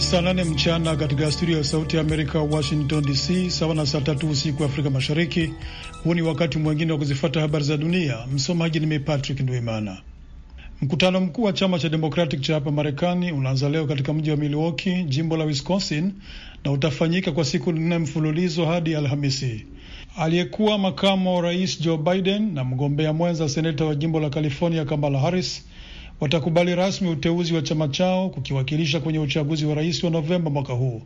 saa nane mchana katika studio ya Sauti ya Amerika, Washington DC, sawa na saa tatu usiku Afrika Mashariki. Huu ni wakati mwengine wa kuzifata habari za dunia. Msomaji ni mimi Patrick Ndwimana. Mkutano mkuu wa chama cha Democratic cha hapa Marekani unaanza leo katika mji wa Milwaukee, jimbo la Wisconsin, na utafanyika kwa siku nne mfululizo hadi Alhamisi. Aliyekuwa makamu wa rais Joe Biden na mgombea mwenza seneta wa jimbo la California Kamala Harris watakubali rasmi uteuzi wa chama chao kukiwakilisha kwenye uchaguzi wa rais wa Novemba mwaka huu.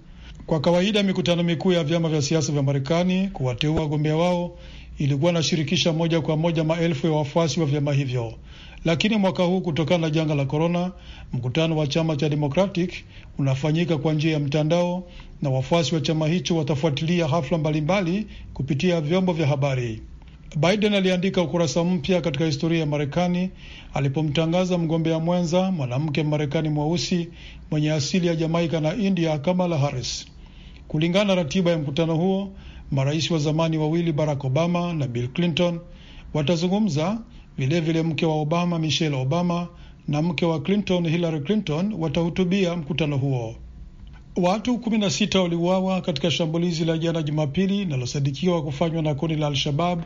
Kwa kawaida mikutano mikuu ya vyama vya siasa vya Marekani kuwateua wagombea wao ilikuwa inashirikisha moja kwa moja maelfu ya wafuasi wa vyama hivyo, lakini mwaka huu kutokana na janga la korona, mkutano wa chama cha Democratic unafanyika kwa njia ya mtandao na wafuasi wa chama hicho watafuatilia hafla mbalimbali kupitia vyombo vya habari. Biden aliandika ukurasa mpya katika historia ya Marekani alipomtangaza mgombea mwenza mwanamke Mmarekani mweusi mwenye asili ya Jamaika na India, Kamala Harris. Kulingana na ratiba ya mkutano huo, marais wa zamani wawili Barack Obama na Bill Clinton watazungumza. Vilevile mke wa Obama Michelle Obama na mke wa Clinton Hillary Clinton watahutubia mkutano huo. Watu kumi na sita waliuawa katika shambulizi la jana Jumapili linalosadikiwa kufanywa na kundi la Al-Shabab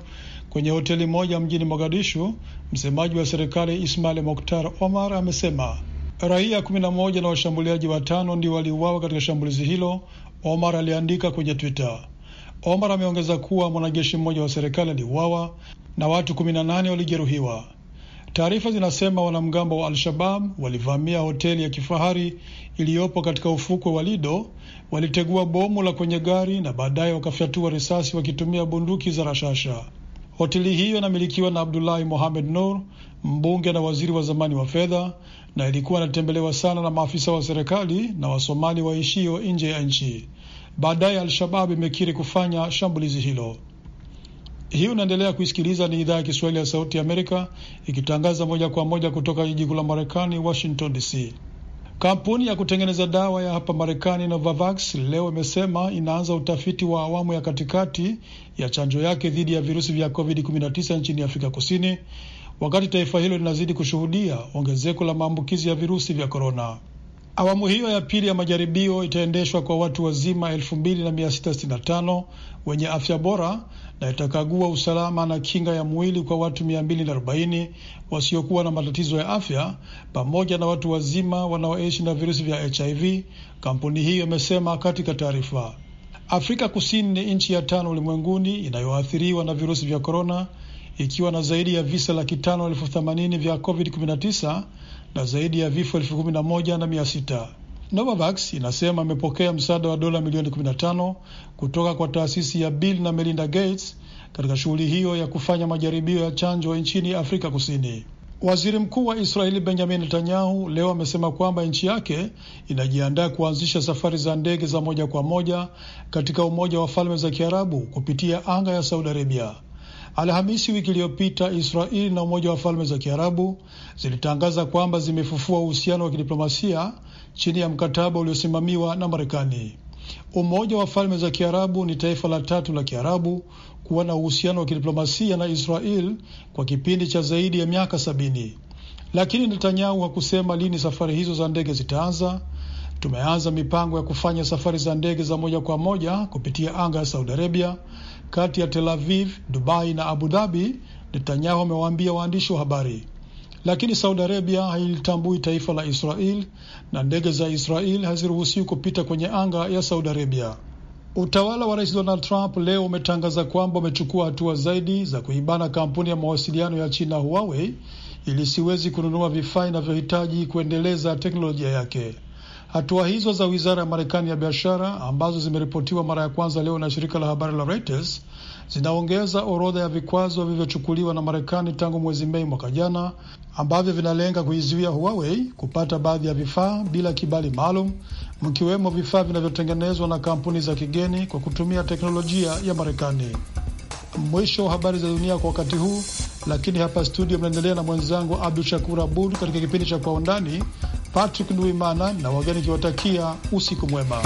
kwenye hoteli moja mjini Mogadishu. Msemaji wa serikali Ismail Moktar Omar amesema raia kumi na moja na washambuliaji watano ndio waliuawa katika shambulizi hilo, Omar aliandika kwenye Twitter. Omar ameongeza kuwa mwanajeshi mmoja wa serikali aliuawa na watu kumi na nane walijeruhiwa. Taarifa zinasema wanamgambo wa Al-Shabab walivamia hoteli ya kifahari iliyopo katika ufukwe wa Lido, walitegua bomu la kwenye gari na baadaye wakafyatua risasi wakitumia bunduki za rashasha. Hoteli hiyo inamilikiwa na Abdulahi Mohamed Nur, mbunge na waziri wa zamani wa fedha, na ilikuwa inatembelewa sana na maafisa wa serikali na Wasomali waishio nje ya nchi. Baadaye Al-Shabab imekiri kufanya shambulizi hilo. Hii unaendelea kuisikiliza, ni idhaa ya Kiswahili ya Sauti ya Amerika ikitangaza moja kwa moja kutoka jiji kuu la Marekani, Washington DC. Kampuni ya kutengeneza dawa ya hapa Marekani Novavax leo imesema inaanza utafiti wa awamu ya katikati ya chanjo yake dhidi ya virusi vya COVID-19 nchini Afrika Kusini, wakati taifa hilo linazidi kushuhudia ongezeko la maambukizi ya virusi vya korona. Awamu hiyo ya pili ya majaribio itaendeshwa kwa watu wazima 2665 wenye afya bora na itakagua usalama na kinga ya mwili kwa watu 240 wasiokuwa na matatizo ya afya pamoja na watu wazima wanaoishi na virusi vya HIV, kampuni hiyo imesema katika taarifa. Afrika Kusini ni nchi ya tano ulimwenguni inayoathiriwa na virusi vya korona, ikiwa na zaidi ya visa laki tano elfu themanini vya COVID-19 na zaidi ya vifo elfu kumi na moja na mia sita. Novavax inasema amepokea msaada wa dola milioni 15 kutoka kwa taasisi ya Bill na Melinda Gates katika shughuli hiyo ya kufanya majaribio ya chanjo nchini Afrika Kusini. Waziri Mkuu wa Israeli Benjamin Netanyahu leo amesema kwamba nchi yake inajiandaa kuanzisha safari za ndege za moja kwa moja katika Umoja wa Falme za Kiarabu kupitia anga ya Saudi Arabia. Alhamisi wiki iliyopita, Israeli na Umoja wa Falme za Kiarabu zilitangaza kwamba zimefufua uhusiano wa kidiplomasia chini ya mkataba uliosimamiwa na Marekani. Umoja wa Falme za Kiarabu ni taifa la tatu la Kiarabu kuwa na uhusiano wa kidiplomasia na Israel kwa kipindi cha zaidi ya miaka sabini, lakini Netanyahu hakusema lini safari hizo za ndege zitaanza. Tumeanza mipango ya kufanya safari za ndege za moja kwa moja kupitia anga ya Saudi Arabia, kati ya Tel Aviv, Dubai na Abu Dhabi, Netanyahu amewaambia waandishi wa habari. Lakini Saudi Arabia hailitambui taifa la Israel na ndege za Israel haziruhusiwi kupita kwenye anga ya Saudi Arabia. Utawala wa rais Donald Trump leo umetangaza kwamba umechukua hatua zaidi za kuibana kampuni ya mawasiliano ya China Huawei ili siwezi kununua vifaa inavyohitaji kuendeleza teknolojia yake. Hatua hizo za wizara ya Marekani ya biashara ambazo zimeripotiwa mara ya kwanza leo na shirika la habari la Reuters zinaongeza orodha ya vikwazo vilivyochukuliwa na Marekani tangu mwezi Mei mwaka jana ambavyo vinalenga kuizuia Huawei kupata baadhi ya vifaa bila kibali maalum, mkiwemo vifaa vinavyotengenezwa na kampuni za kigeni kwa kutumia teknolojia ya Marekani. Mwisho wa habari za dunia kwa wakati huu, lakini hapa studio mnaendelea na mwenzangu Abdu Shakur Abud katika kipindi cha Kwa Undani. Patrick Nduimana na wageni kiwatakia usiku mwema.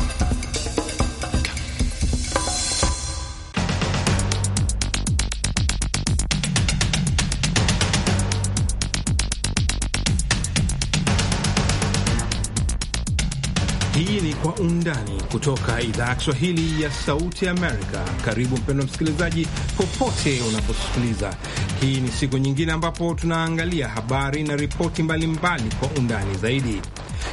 Kwa Undani kutoka idhaa ya Kiswahili ya Sauti Amerika. Karibu mpendwa msikilizaji, popote unaposikiliza. Hii ni siku nyingine ambapo tunaangalia habari na ripoti mbalimbali kwa undani zaidi.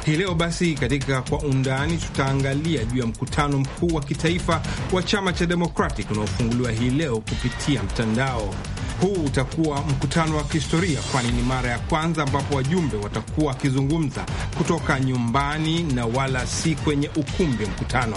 Hii leo basi, katika kwa undani tutaangalia juu ya mkutano mkuu wa kitaifa wa chama cha Democratic unaofunguliwa hii leo kupitia mtandao huu utakuwa mkutano wa kihistoria, kwani ni mara ya kwanza ambapo wajumbe watakuwa wakizungumza kutoka nyumbani na wala si kwenye ukumbi mkutano.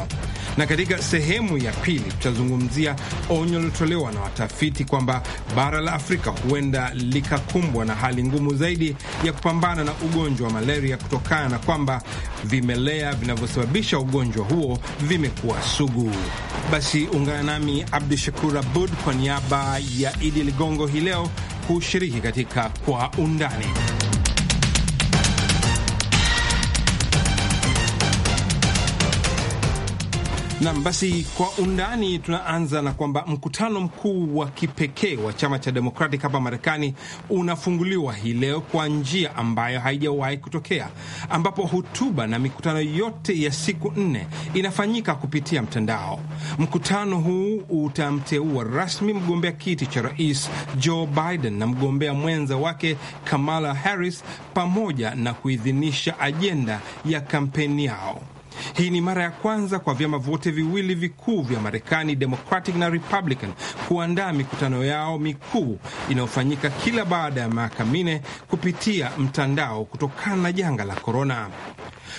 Na katika sehemu ya pili tutazungumzia onyo lilotolewa na watafiti kwamba bara la Afrika huenda likakumbwa na hali ngumu zaidi ya kupambana na ugonjwa wa malaria kutokana na kwamba vimelea vinavyosababisha ugonjwa huo vimekuwa sugu. Basi ungana nami Abdu Shakur Abud kwa niaba ya Idi Ligongo Kongo hii leo kushiriki katika Kwa Undani. Nam, basi kwa undani tunaanza na kwamba mkutano mkuu wa kipekee wa chama cha demokrati hapa Marekani unafunguliwa hii leo kwa njia ambayo haijawahi kutokea, ambapo hotuba na mikutano yote ya siku nne inafanyika kupitia mtandao. Mkutano huu utamteua rasmi mgombea kiti cha rais Joe Biden na mgombea mwenza wake Kamala Harris pamoja na kuidhinisha ajenda ya kampeni yao. Hii ni mara ya kwanza kwa vyama vyote viwili vikuu vya Marekani, Democratic na Republican, kuandaa mikutano yao mikuu inayofanyika kila baada ya miaka minne kupitia mtandao kutokana na janga la korona.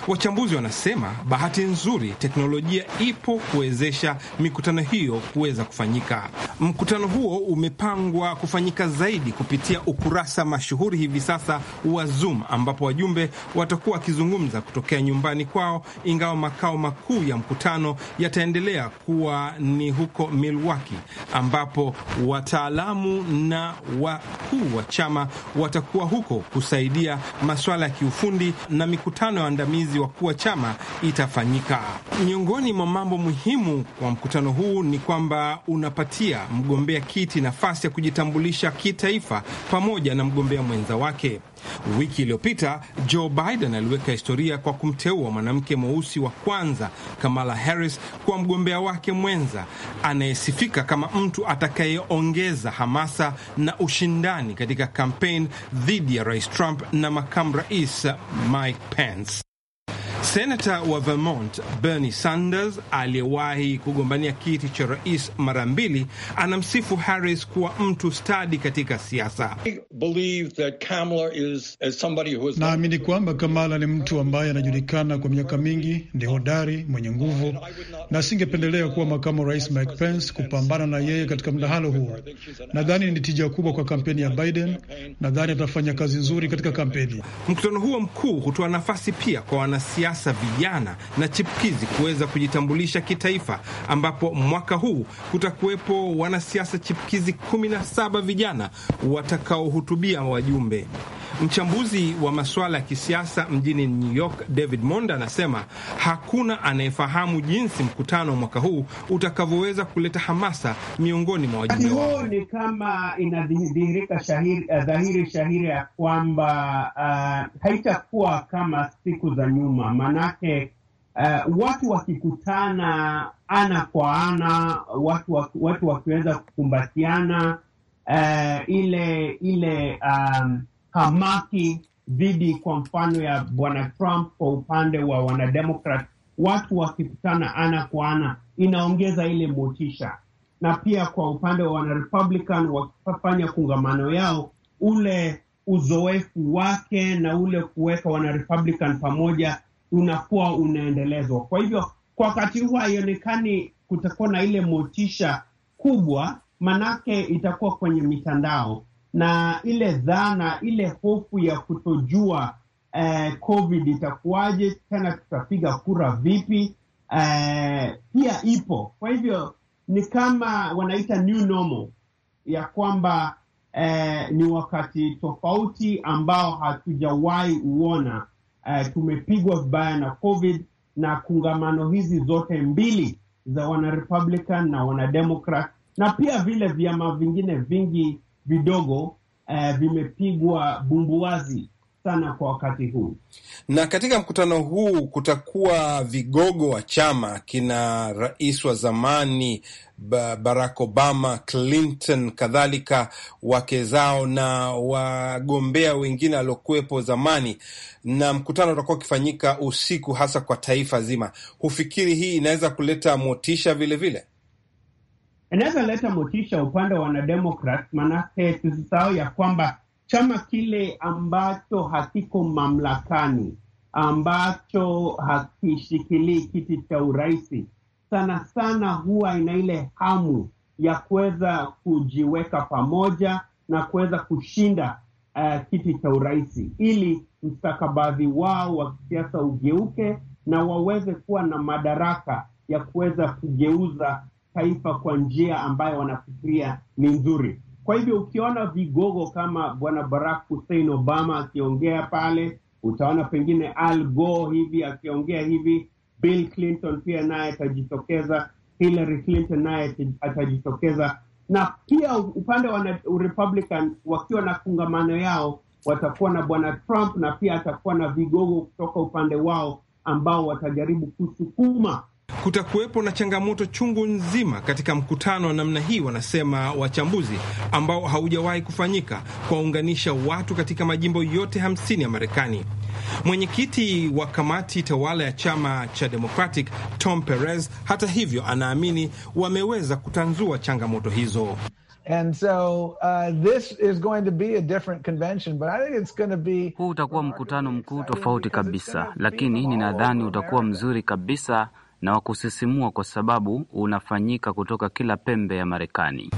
Wachambuzi wanasema bahati nzuri teknolojia ipo kuwezesha mikutano hiyo kuweza kufanyika. Mkutano huo umepangwa kufanyika zaidi kupitia ukurasa mashuhuri hivi sasa wa Zoom, ambapo wajumbe watakuwa wakizungumza kutokea nyumbani kwao inga ingawa makao makuu ya mkutano yataendelea kuwa ni huko Milwaukee, ambapo wataalamu na wakuu wa chama watakuwa huko kusaidia masuala ya kiufundi na mikutano ya waandamizi wakuu wa chama itafanyika. Miongoni mwa mambo muhimu kwa mkutano huu ni kwamba unapatia mgombea kiti nafasi ya kujitambulisha kitaifa pamoja na mgombea mwenza wake. Wiki iliyopita Joe Biden aliweka historia kwa kumteua mwanamke mweusi wa kwanza Kamala Harris kuwa mgombea wake mwenza anayesifika kama mtu atakayeongeza hamasa na ushindani katika kampeni dhidi ya Rais Trump na makamu rais Mike Pence. Senata wa Vermont Bernie Sanders aliyewahi kugombania kiti cha rais mara mbili anamsifu Harris kuwa mtu stadi katika siasa. Uh, Naamini kwamba Kamala ni mtu ambaye anajulikana kwa miaka mingi, ni hodari, mwenye nguvu, na asingependelea kuwa makamu rais Mike Pence kupambana na yeye katika mdahalo huo. Nadhani ni tija kubwa kwa kampeni ya Biden. Nadhani atafanya kazi nzuri katika kampeni. Mkutano huo mkuu hutoa nafasi pia kwa wanasiasa hasa vijana na chipkizi kuweza kujitambulisha kitaifa, ambapo mwaka huu kutakuwepo wanasiasa chipkizi 17 vijana watakaohutubia wajumbe. Mchambuzi wa masuala ya kisiasa mjini New York, David Monda, anasema hakuna anayefahamu jinsi mkutano wa mwaka huu utakavyoweza kuleta hamasa miongoni mwa wajumbe yaani wao. Ni kama inadhihirika shahiri, eh, dhahiri shahiri ya kwamba uh, haitakuwa kama siku za nyuma, maanake uh, eh, watu wakikutana ana kwa ana, watu, watu wakiweza kukumbatiana uh, ile ile um, hamaki dhidi kwa mfano ya bwana Trump kwa upande wa wanademokrat, watu wakikutana ana kwa ana inaongeza ile motisha, na pia kwa upande wa wanarepublican wakifanya kungamano yao, ule uzoefu wake na ule kuweka wanarepublican pamoja unakuwa unaendelezwa. Kwa hivyo kwa wakati huu haionekani kutakuwa na ile motisha kubwa, manake itakuwa kwenye mitandao na ile dhana, ile hofu ya kutojua eh, covid itakuwaje tena, tutapiga kura vipi, eh, pia ipo. Kwa hivyo ni kama wanaita new normal ya kwamba eh, ni wakati tofauti ambao hatujawahi uona. Eh, tumepigwa vibaya na covid na kungamano hizi zote mbili za wanarepublican na wanademokrat na pia vile vyama vingine vingi vidogo eh, vimepigwa bumbuazi sana kwa wakati huu. Na katika mkutano huu kutakuwa vigogo wa chama kina rais wa zamani Barack Obama, Clinton, kadhalika wake zao na wagombea wengine waliokuwepo zamani, na mkutano utakuwa ukifanyika usiku, hasa kwa taifa zima. Hufikiri hii inaweza kuleta motisha vilevile vile? inaweza leta motisha upande wa wanademokrat, manake tusisahau ya kwamba chama kile ambacho hakiko mamlakani, ambacho hakishikilii kiti cha uraisi, sana sana huwa ina ile hamu ya kuweza kujiweka pamoja na kuweza kushinda uh, kiti cha uraisi ili mstakabadhi wao wa kisiasa ugeuke na waweze kuwa na madaraka ya kuweza kugeuza taifa kwa njia ambayo wanafikiria ni nzuri. Kwa hivyo ukiona vigogo kama bwana Barack Hussein Obama akiongea pale, utaona pengine Al Gore hivi akiongea hivi, Bill Clinton pia naye atajitokeza, Hillary Clinton naye atajitokeza, na pia upande wa Republican wakiwa na kongamano yao watakuwa na bwana Trump na pia atakuwa na vigogo kutoka upande wao ambao watajaribu kusukuma Kutakuwepo na changamoto chungu nzima katika mkutano wa namna hii, wanasema wachambuzi, ambao haujawahi kufanyika kuwaunganisha watu katika majimbo yote 50 ya Marekani. Mwenyekiti wa kamati tawala ya chama cha Democratic Tom Perez, hata hivyo, anaamini wameweza kutanzua changamoto hizo. Uh, huu utakuwa mkutano mkuu tofauti kabisa, lakini ninadhani utakuwa mzuri kabisa na wa kusisimua kwa sababu unafanyika kutoka kila pembe ya Marekani.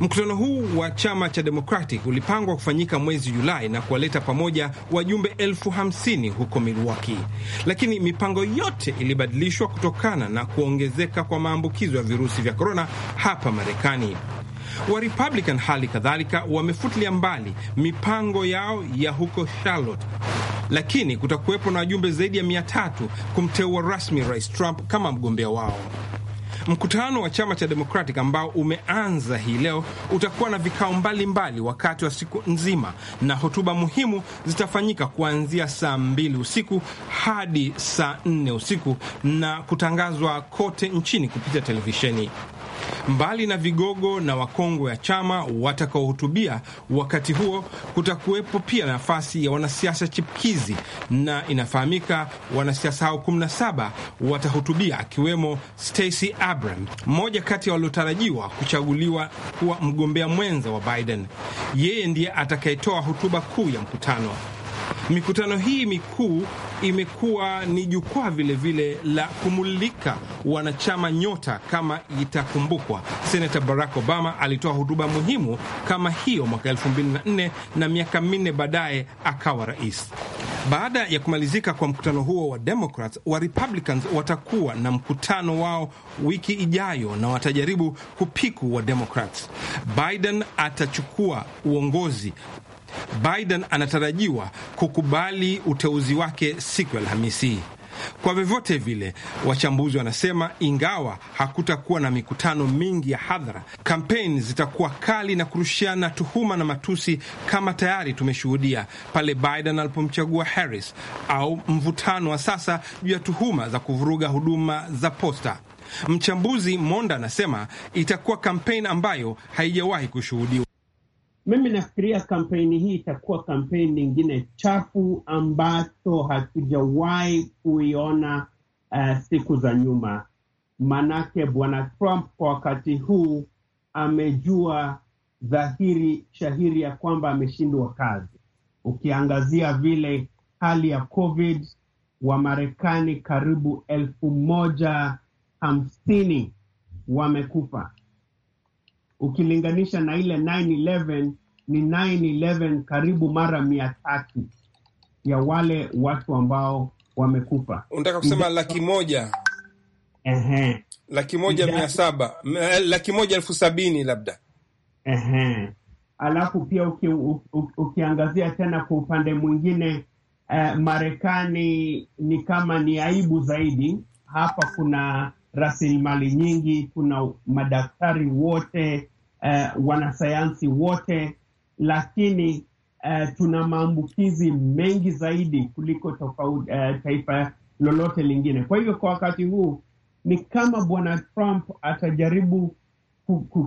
Mkutano huu wa chama cha Democratic ulipangwa kufanyika mwezi Julai na kuwaleta pamoja wajumbe elfu hamsini huko Milwaukee, lakini mipango yote ilibadilishwa kutokana na kuongezeka kwa maambukizo ya virusi vya korona hapa Marekani. Wa Republican hali kadhalika wamefutilia mbali mipango yao ya huko Charlotte lakini kutakuwepo na wajumbe zaidi ya mia tatu kumteua rasmi Rais Trump kama mgombea wao. Mkutano wa chama cha demokratic ambao umeanza hii leo utakuwa na vikao mbalimbali mbali wakati wa siku nzima, na hotuba muhimu zitafanyika kuanzia saa mbili usiku hadi saa nne usiku na kutangazwa kote nchini kupitia televisheni. Mbali na vigogo na wakongwe ya chama watakaohutubia wakati huo, kutakuwepo pia nafasi ya wanasiasa chipukizi, na inafahamika wanasiasa hao 17 watahutubia, akiwemo Stacey Abrams, mmoja kati ya waliotarajiwa kuchaguliwa kuwa mgombea mwenza wa Biden. Yeye ndiye atakayetoa hotuba kuu ya mkutano. Mikutano hii mikuu imekuwa ni jukwaa vilevile la kumulika wanachama nyota. Kama itakumbukwa, Senata Barack Obama alitoa hotuba muhimu kama hiyo mwaka 2004 na miaka minne baadaye akawa rais. Baada ya kumalizika kwa mkutano huo wa Democrats, wa Republicans watakuwa na mkutano wao wiki ijayo na watajaribu kupiku wa Democrats. Biden atachukua uongozi Biden anatarajiwa kukubali uteuzi wake siku ya Alhamisi. Kwa vyovyote vile, wachambuzi wanasema ingawa hakutakuwa na mikutano mingi ya hadhara, kampeni zitakuwa kali na kurushiana tuhuma na matusi, kama tayari tumeshuhudia pale Biden alipomchagua Harris, au mvutano wa sasa juu ya tuhuma za kuvuruga huduma za posta. Mchambuzi Monda anasema itakuwa kampeni ambayo haijawahi kushuhudiwa. Mimi nafikiria kampeni hii itakuwa kampeni nyingine chafu ambazo hatujawahi kuiona uh, siku za nyuma. Manake bwana Trump kwa wakati huu amejua dhahiri shahiri ya kwamba ameshindwa kazi. Ukiangazia vile hali ya COVID, marekani karibu elfu moja hamsini wamekufa ukilinganisha na ile 911 ni 911 karibu mara mia tatu ya wale watu ambao wamekufa. Unataka kusema laki moja ehe, laki moja mia saba eh, laki moja elfu sabini labda ehe. Alafu pia uki, u, u, ukiangazia tena kwa upande mwingine eh, Marekani ni kama ni aibu zaidi. Hapa kuna rasilimali nyingi, kuna madaktari wote uh, wanasayansi wote, lakini uh, tuna maambukizi mengi zaidi kuliko tofauti, uh, taifa lolote lingine. Kwa hivyo kwa wakati huu ni kama bwana Trump atajaribu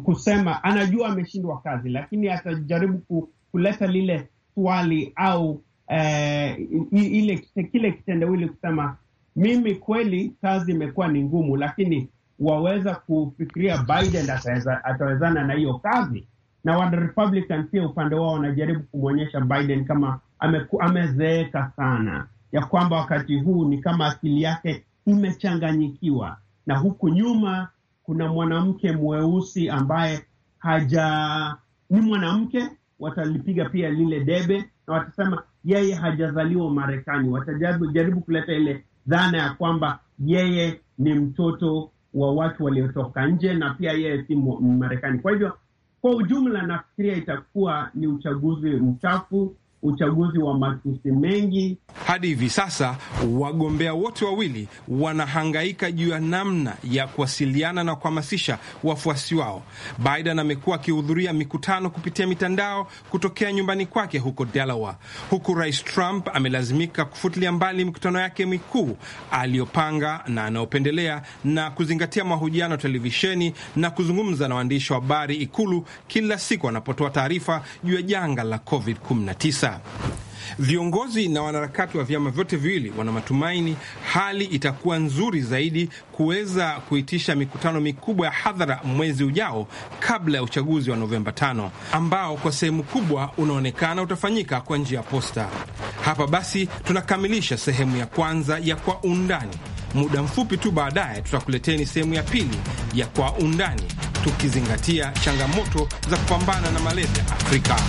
kusema anajua ameshindwa kazi, lakini atajaribu kuleta lile swali au eh, ile kile kitendawili kusema mimi kweli kazi imekuwa ni ngumu, lakini waweza kufikiria Biden atawezana na hiyo kazi, na wa Republican pia upande wao wanajaribu kumwonyesha Biden kama amezeeka sana, ya kwamba wakati huu ni kama akili yake imechanganyikiwa, na huku nyuma kuna mwanamke mweusi ambaye haja ni mwanamke, watalipiga pia lile debe na watasema yeye hajazaliwa Marekani. Watajaribu kuleta ile dhana ya kwamba yeye ni mtoto wa watu waliotoka nje na pia yeye si Marekani. Kwa hivyo, kwa ujumla, nafikiria itakuwa ni uchaguzi mchafu uchaguzi wa matusi mengi. Hadi hivi sasa wagombea wote wawili wanahangaika juu ya namna ya kuwasiliana na kuhamasisha wafuasi wao. Biden amekuwa akihudhuria mikutano kupitia mitandao kutokea nyumbani kwake huko Delaware, huku Rais Trump amelazimika kufutilia mbali mikutano yake mikuu aliyopanga na anayopendelea na kuzingatia mahojiano ya televisheni na kuzungumza na waandishi wa habari Ikulu kila siku anapotoa taarifa juu ya janga la COVID-19. Viongozi na wanaharakati wa vyama vyote viwili wana matumaini hali itakuwa nzuri zaidi kuweza kuitisha mikutano mikubwa ya hadhara mwezi ujao kabla ya uchaguzi wa Novemba tano ambao kwa sehemu kubwa unaonekana utafanyika kwa njia ya posta. Hapa basi tunakamilisha sehemu ya kwanza ya Kwa Undani. Muda mfupi tu baadaye tutakuleteni sehemu ya pili ya Kwa Undani, tukizingatia changamoto za kupambana na malaria Afrika.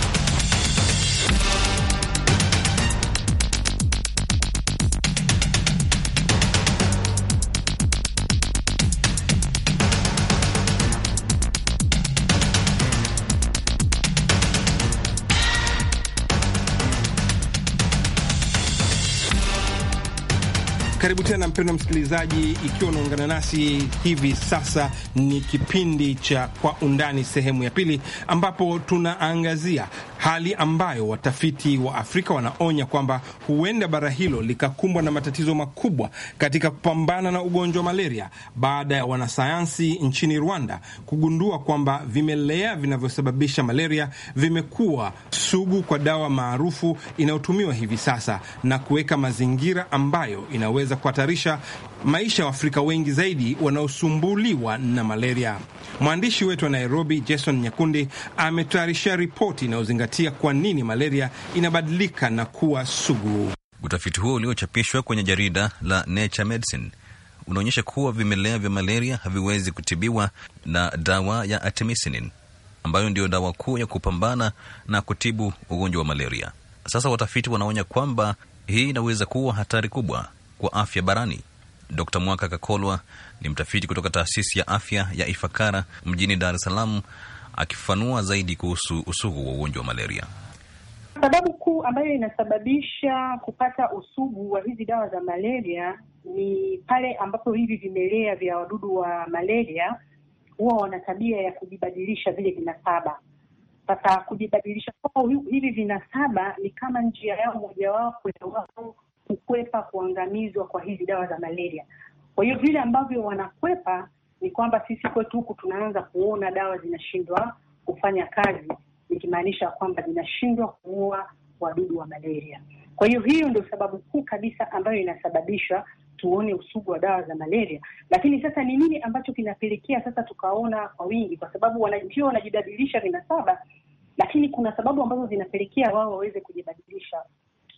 Karibu tena mpendwa msikilizaji, ikiwa unaungana nasi hivi sasa, ni kipindi cha Kwa Undani sehemu ya pili, ambapo tunaangazia hali ambayo watafiti wa Afrika wanaonya kwamba huenda bara hilo likakumbwa na matatizo makubwa katika kupambana na ugonjwa wa malaria baada ya wanasayansi nchini Rwanda kugundua kwamba vimelea vinavyosababisha malaria vimekuwa sugu kwa dawa maarufu inayotumiwa hivi sasa na kuweka mazingira ambayo inaweza kuhatarisha maisha ya Waafrika wengi zaidi wanaosumbuliwa na malaria. Mwandishi wetu wa Nairobi, Jason Nyakundi, ametayarisha ripoti inayozingatia kwa nini malaria inabadilika na kuwa sugu. Utafiti huo uliochapishwa kwenye jarida la Nature Medicine unaonyesha kuwa vimelea vya malaria haviwezi kutibiwa na dawa ya artemisinin ambayo ndiyo dawa kuu ya kupambana na kutibu ugonjwa wa malaria. Sasa watafiti wanaonya kwamba hii inaweza kuwa hatari kubwa kwa afya barani. Dkt Mwaka Kakolwa ni mtafiti kutoka taasisi ya afya ya Ifakara mjini Dar es Salaam, akifafanua zaidi kuhusu usugu wa ugonjwa wa malaria. Sababu kuu ambayo inasababisha kupata usugu wa hizi dawa za malaria ni pale ambapo hivi vimelea vya wadudu wa malaria huwa wana tabia ya kujibadilisha vile vinasaba. Sasa kujibadilisha kwao hivi vinasaba ni kama njia yao mojawapo ya wao kukwepa kuangamizwa kwa hizi dawa za malaria. Kwa hiyo vile ambavyo wanakwepa ni kwamba sisi kwetu huku tunaanza kuona dawa zinashindwa kufanya kazi, nikimaanisha kwamba zinashindwa kuua wadudu wa malaria. Kwa hiyo hiyo ndio sababu kuu kabisa ambayo inasababisha tuone usugu wa dawa za malaria. Lakini sasa ni nini ambacho kinapelekea sasa tukaona kwa wingi? Kwa sababu ndio wanajibadilisha vinasaba, lakini kuna sababu ambazo zinapelekea wao waweze kujibadilisha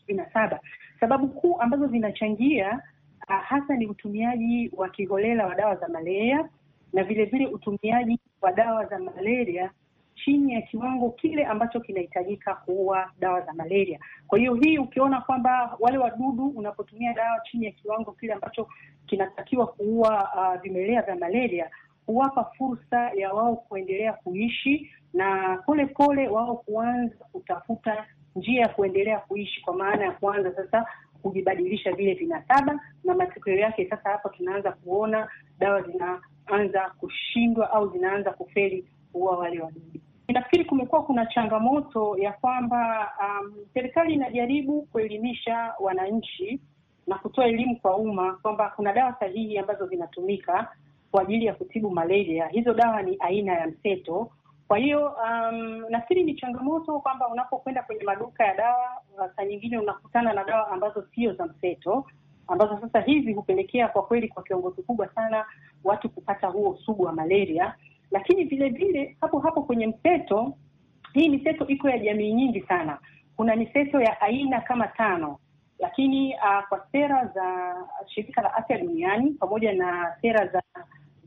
vinasaba. Sababu kuu ambazo zinachangia uh, hasa ni utumiaji wa kiholela wa dawa za malaria na vilevile utumiaji wa dawa za malaria chini ya kiwango kile ambacho kinahitajika kuua dawa za malaria. Kwa hiyo hii ukiona kwamba wale wadudu, unapotumia dawa chini ya kiwango kile ambacho kinatakiwa kuua uh, vimelea vya malaria, huwapa fursa ya wao kuendelea kuishi na polepole wao kuanza kutafuta njia ya kuendelea kuishi, kwa maana ya kuanza sasa kuvibadilisha vile vinasaba, na matokeo yake sasa hapa tunaanza kuona dawa zinaanza kushindwa au zinaanza kufeli kuua wale wadudu. Nafikiri kumekuwa kuna changamoto ya kwamba um, serikali um, inajaribu kuelimisha wananchi na kutoa elimu kwa umma kwamba kuna dawa sahihi ambazo zinatumika kwa ajili ya kutibu malaria. Hizo dawa ni aina ya mseto kwa hiyo um, nafikiri ni changamoto kwamba unapokwenda kwenye maduka ya dawa uh, saa nyingine unakutana na dawa ambazo sio za mseto, ambazo sasa hivi hupelekea kwa kweli, kwa kiwango kikubwa sana watu kupata huo usugu wa malaria. Lakini vile vile hapo hapo kwenye mseto, hii miseto iko ya jamii nyingi sana. Kuna miseto ya aina kama tano, lakini uh, kwa sera za Shirika la Afya Duniani pamoja na sera za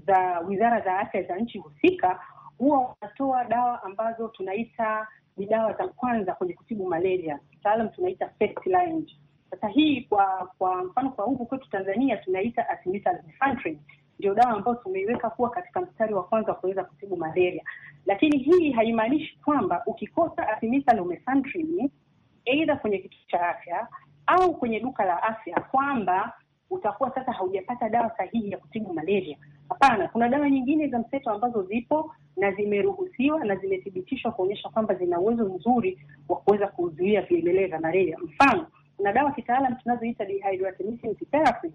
za wizara za afya za nchi husika huwa wanatoa dawa ambazo tunaita ni dawa za kwanza kwenye kutibu malaria, kitaalam tunaita first line. Sasa hii kwa kwa mfano kwa huku kwetu Tanzania tunaita artemether ndio dawa ambayo tumeiweka kuwa katika mstari wa kwanza kuweza kutibu malaria, lakini hii haimaanishi kwamba ukikosa artemether lumefantrine aidha kwenye kituo cha afya au kwenye duka la afya kwamba utakuwa sasa haujapata dawa sahihi ya kutibu malaria. Hapana, kuna dawa nyingine za mseto ambazo zipo na zimeruhusiwa na zimethibitishwa kuonyesha kwamba zina uwezo mzuri wa kuweza kuzuia vimelea vya malaria. Mfano, kuna dawa kitaalam tunazoita therapy.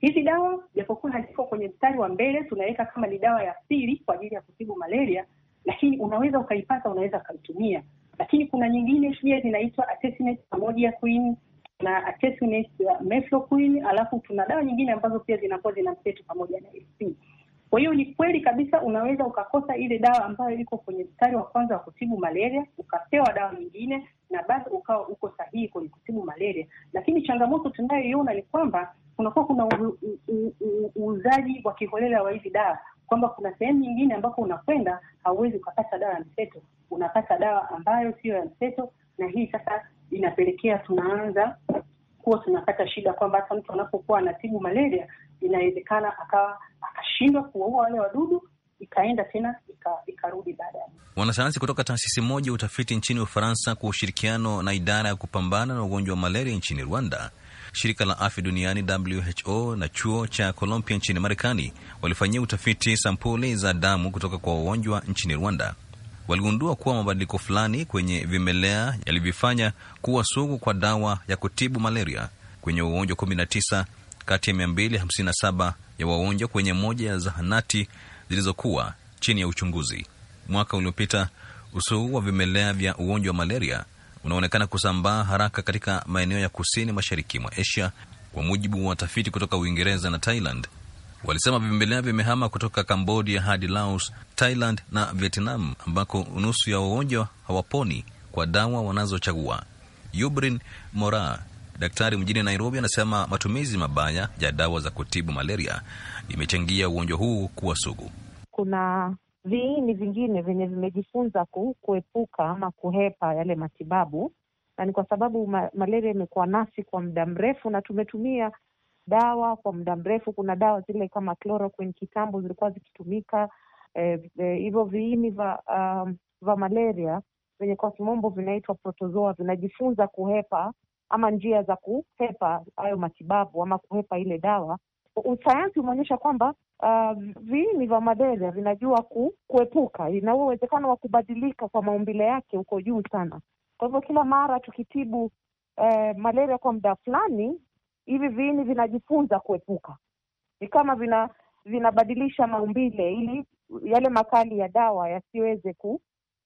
Hizi dawa japokuwa haziko kwenye mstari wa mbele, tunaweka kama ni dawa ya pili kwa ajili ya kutibu malaria, lakini unaweza ukaipata, unaweza ukaitumia. Lakini kuna nyingine pia zinaitwa artesunate amodiaquine na artesunate mefloquine, alafu tuna dawa nyingine ambazo pia zinakuwa zina mseto pamoja na SP. Kwa hiyo ni kweli kabisa, unaweza ukakosa ile dawa ambayo iko kwenye mstari wa kwanza wa kutibu malaria, ukapewa dawa nyingine na basi ukawa uko sahihi kwenye kutibu malaria. Lakini changamoto tunayoiona ni kwamba kunakuwa kuna uuzaji wa kiholela wa hizi dawa, kwamba kuna sehemu nyingine ambapo unakwenda hauwezi ukapata dawa ya mseto, unapata dawa ambayo siyo ya mseto, na hii sasa inapelekea tunaanza kuwa tunapata shida kwamba hata mtu anapokuwa anatibu malaria inawezekana akawa ikashindwa kuwaua wale wadudu ikaenda tena ikarudi baadaye. Wanasayansi kutoka taasisi moja ya utafiti nchini Ufaransa kwa ushirikiano na idara ya kupambana na ugonjwa wa malaria nchini Rwanda, shirika la afya duniani WHO na chuo cha Columbia nchini Marekani walifanyia utafiti sampuli za damu kutoka kwa wagonjwa nchini Rwanda. Waligundua kuwa mabadiliko fulani kwenye vimelea yalivyofanya kuwa sugu kwa dawa ya kutibu malaria kwenye wagonjwa 19 kati ya 257 ya wagonjwa kwenye moja ya zahanati zilizokuwa chini ya uchunguzi. Mwaka uliopita usugu wa vimelea vya ugonjwa wa malaria unaonekana kusambaa haraka katika maeneo ya kusini mashariki mwa Asia, kwa mujibu wa watafiti kutoka Uingereza na Thailand. Walisema vimelea vimehama kutoka Kambodia hadi Laos, Thailand na Vietnam, ambako nusu ya wagonjwa hawaponi kwa dawa wanazochagua. Yubrin Mora daktari mjini Nairobi anasema matumizi mabaya ya dawa za kutibu malaria imechangia ugonjwa huu kuwa sugu. Kuna viini vingine vyenye vimejifunza ku, kuepuka ama kuhepa yale matibabu, na ni kwa sababu ma, malaria imekuwa nasi kwa muda mrefu na tumetumia dawa kwa muda mrefu. Kuna dawa zile kama chloroquine kitambo zilikuwa zikitumika hivyo eh, eh, viini va, um, va malaria vyenye kwa kimombo vinaitwa protozoa vinajifunza kuhepa ama njia za kuhepa hayo matibabu ama kuhepa ile dawa. Usayansi umeonyesha kwamba uh, viini vya malaria vinajua ku, kuepuka na uwezekano wa kubadilika kwa maumbile yake uko juu sana. Kwa hivyo kila mara tukitibu eh, malaria kwa muda fulani, hivi viini vinajifunza kuepuka, ni kama vina vinabadilisha maumbile ili yale makali ya dawa yasiweze ku,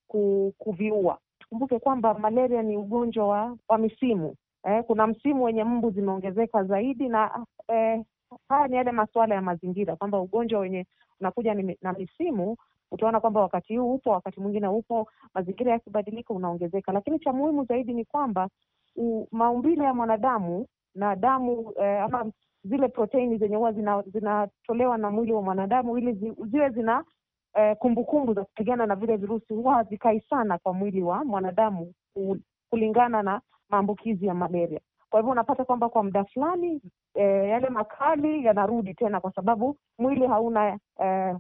ku, kuviua. Tukumbuke kwamba malaria ni ugonjwa wa, wa misimu eh, kuna msimu wenye mbu zimeongezeka zaidi na eh, haya ni yale masuala ya mazingira kwamba ugonjwa wenye unakuja na misimu utaona kwamba wakati huu upo, wakati mwingine upo, mazingira yakibadilika unaongezeka. Lakini cha muhimu zaidi ni kwamba maumbile ya mwanadamu na damu eh, ama zile proteini zenye huwa zinatolewa zina na mwili wa mwanadamu ili zi, ziwe zina eh, kumbukumbu za kupigana na vile virusi huwa hazikai sana kwa mwili wa mwanadamu kulingana na maambukizi ya malaria. Kwa hivyo unapata kwamba kwa muda fulani e, yale makali yanarudi tena, kwa sababu mwili hauna e,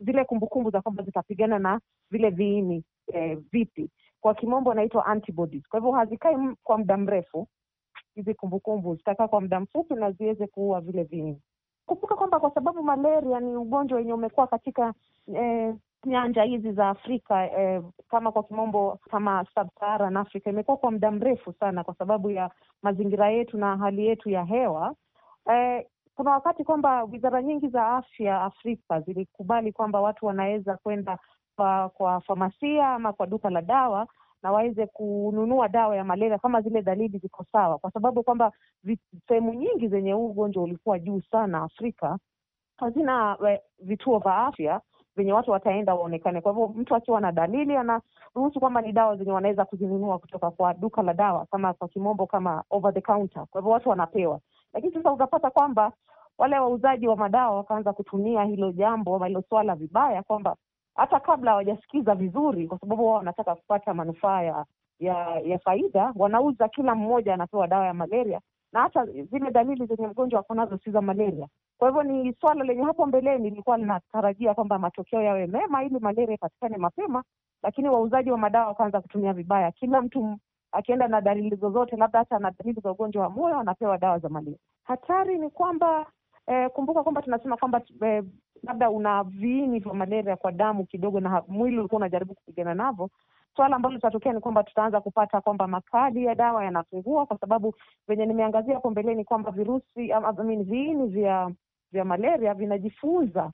zile kumbukumbu za kwamba zitapigana na vile viini e, vipi, kwa kimombo anaitwa antibodies. Kwa hivyo hazikai kwa muda mrefu, hizi kumbukumbu zitakaa kwa muda mfupi na ziweze kuua vile viini. Kumbuka kwamba kwa sababu malaria ni ugonjwa wenye umekuwa katika eh, nyanja hizi za Afrika eh, kama kwa kimombo kama sub-Saharan Africa imekuwa kwa muda mrefu sana kwa sababu ya mazingira yetu na hali yetu ya hewa eh, kuna wakati kwamba wizara nyingi za afya Afrika zilikubali kwamba watu wanaweza kwenda kwa, kwa famasia ama kwa duka la dawa na waweze kununua dawa ya malaria kama zile dalili ziko sawa, kwa sababu kwamba sehemu nyingi zenye huu ugonjwa ulikuwa juu sana Afrika hazina eh, vituo vya afya venye watu wataenda waonekane. Kwa hivyo mtu akiwa na dalili anaruhusu kwamba ni dawa zenye wanaweza kuzinunua kutoka kwa duka la dawa, kama kwa kimombo kama over the counter. Kwa hivyo watu wanapewa, lakini sasa utapata kwamba wale wauzaji wa madawa wakaanza kutumia hilo jambo ama hilo swala vibaya, kwamba hata kabla hawajasikiza vizuri, kwa sababu wao wanataka kupata manufaa ya ya faida, wanauza, kila mmoja anapewa dawa ya malaria na hata zile dalili zenye mgonjwa ako nazo si za malaria. Kwa hivyo ni swala lenye hapo mbeleni ilikuwa linatarajia kwamba matokeo yawe mema ili malaria ipatikane mapema, lakini wauzaji wa madawa wakaanza kutumia vibaya. Kila mtu akienda na dalili zozote, labda hata na dalili za ugonjwa wa moyo, anapewa dawa za malaria. Hatari ni kwamba eh, kumbuka kwamba tunasema kwamba eh, labda una viini vya malaria kwa damu kidogo, na mwili ulikuwa unajaribu kupigana navyo, Swala ambalo litatokea ni kwamba tutaanza kupata kwamba makali ya dawa yanapungua, kwa sababu venye nimeangazia hapo mbeleni kwamba virusi I mean, viini vya vya malaria vinajifunza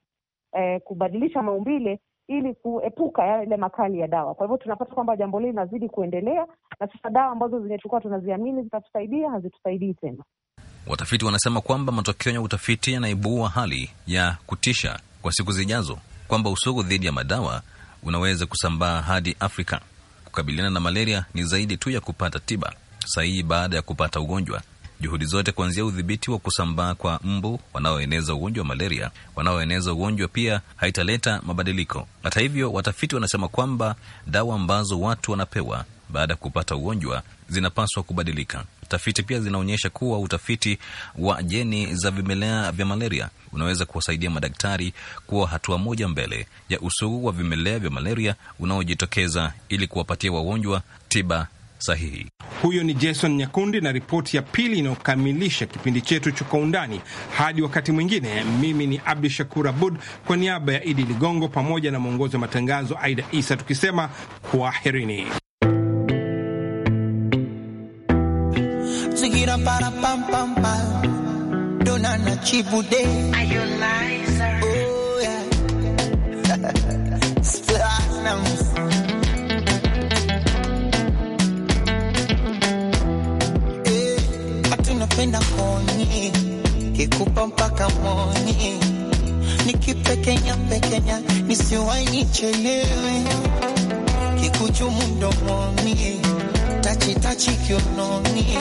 eh, kubadilisha maumbile ili kuepuka yale makali ya dawa. Kwa hivyo tunapata kwamba jambo lili linazidi kuendelea, na sasa dawa ambazo zenye tulikuwa tunaziamini zitatusaidia hazitusaidii tena. Watafiti wanasema kwamba matokeo ya utafiti yanaibua hali ya kutisha kwa siku zijazo, kwamba usugu dhidi ya madawa unaweza kusambaa hadi Afrika. Kukabiliana na malaria ni zaidi tu ya kupata tiba sahihi baada ya kupata ugonjwa. Juhudi zote kuanzia udhibiti wa kusambaa kwa mbu wanaoeneza ugonjwa wa malaria wanaoeneza ugonjwa pia haitaleta mabadiliko. Hata hivyo, watafiti wanasema kwamba dawa ambazo watu wanapewa baada ya kupata ugonjwa zinapaswa kubadilika. Tafiti pia zinaonyesha kuwa utafiti wa jeni za vimelea vya malaria unaweza kuwasaidia madaktari kuwa hatua moja mbele ya usugu wa vimelea vya malaria unaojitokeza ili kuwapatia wagonjwa tiba sahihi. Huyo ni Jason Nyakundi na ripoti ya pili inayokamilisha kipindi chetu cha Kwa Undani. Hadi wakati mwingine, mimi ni Abdu Shakur Abud kwa niaba ya Idi Ligongo pamoja na mwongozi wa matangazo Aida Isa tukisema kwaherini. Tira para pam pam pam, Donana Chibude. Oh, eh, napenda kuonye kikupa mpaka moni nikipekenya pekenya nisiwai nichelewe kikuchumu mdomoni tachitachi kiunoni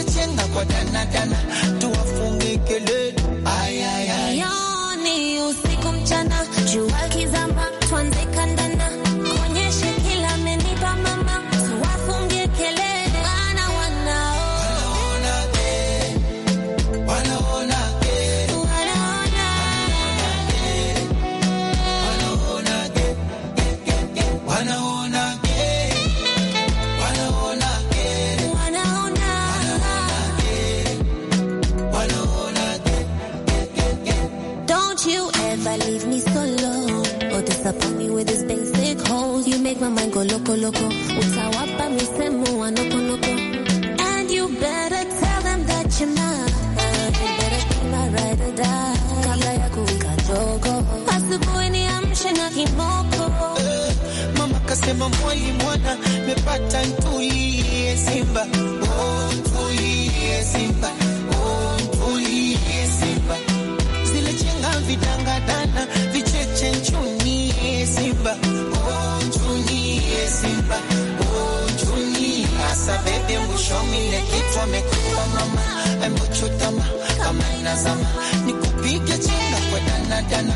kwa dana dana, tuwafunge kelele. Ayayayoni usiku mchana, jua kizama, tuanze kandana, konyeshe loko loko utawapa misemo wanoko loko, and you better tell them that you're not. You better kama ride or die, kabla ya kuwika dogo, asubuhi niamshe na kimoko. Mama kasema mwali mwana mepata ntulie Simba, oh ntulie Simba, oh ntulie Simba, zile chenga vidangada Simba ujuni hasa bebe mbushomile kitwa mekupa mama embechutama kama inazama nikupige chenga kwa danadana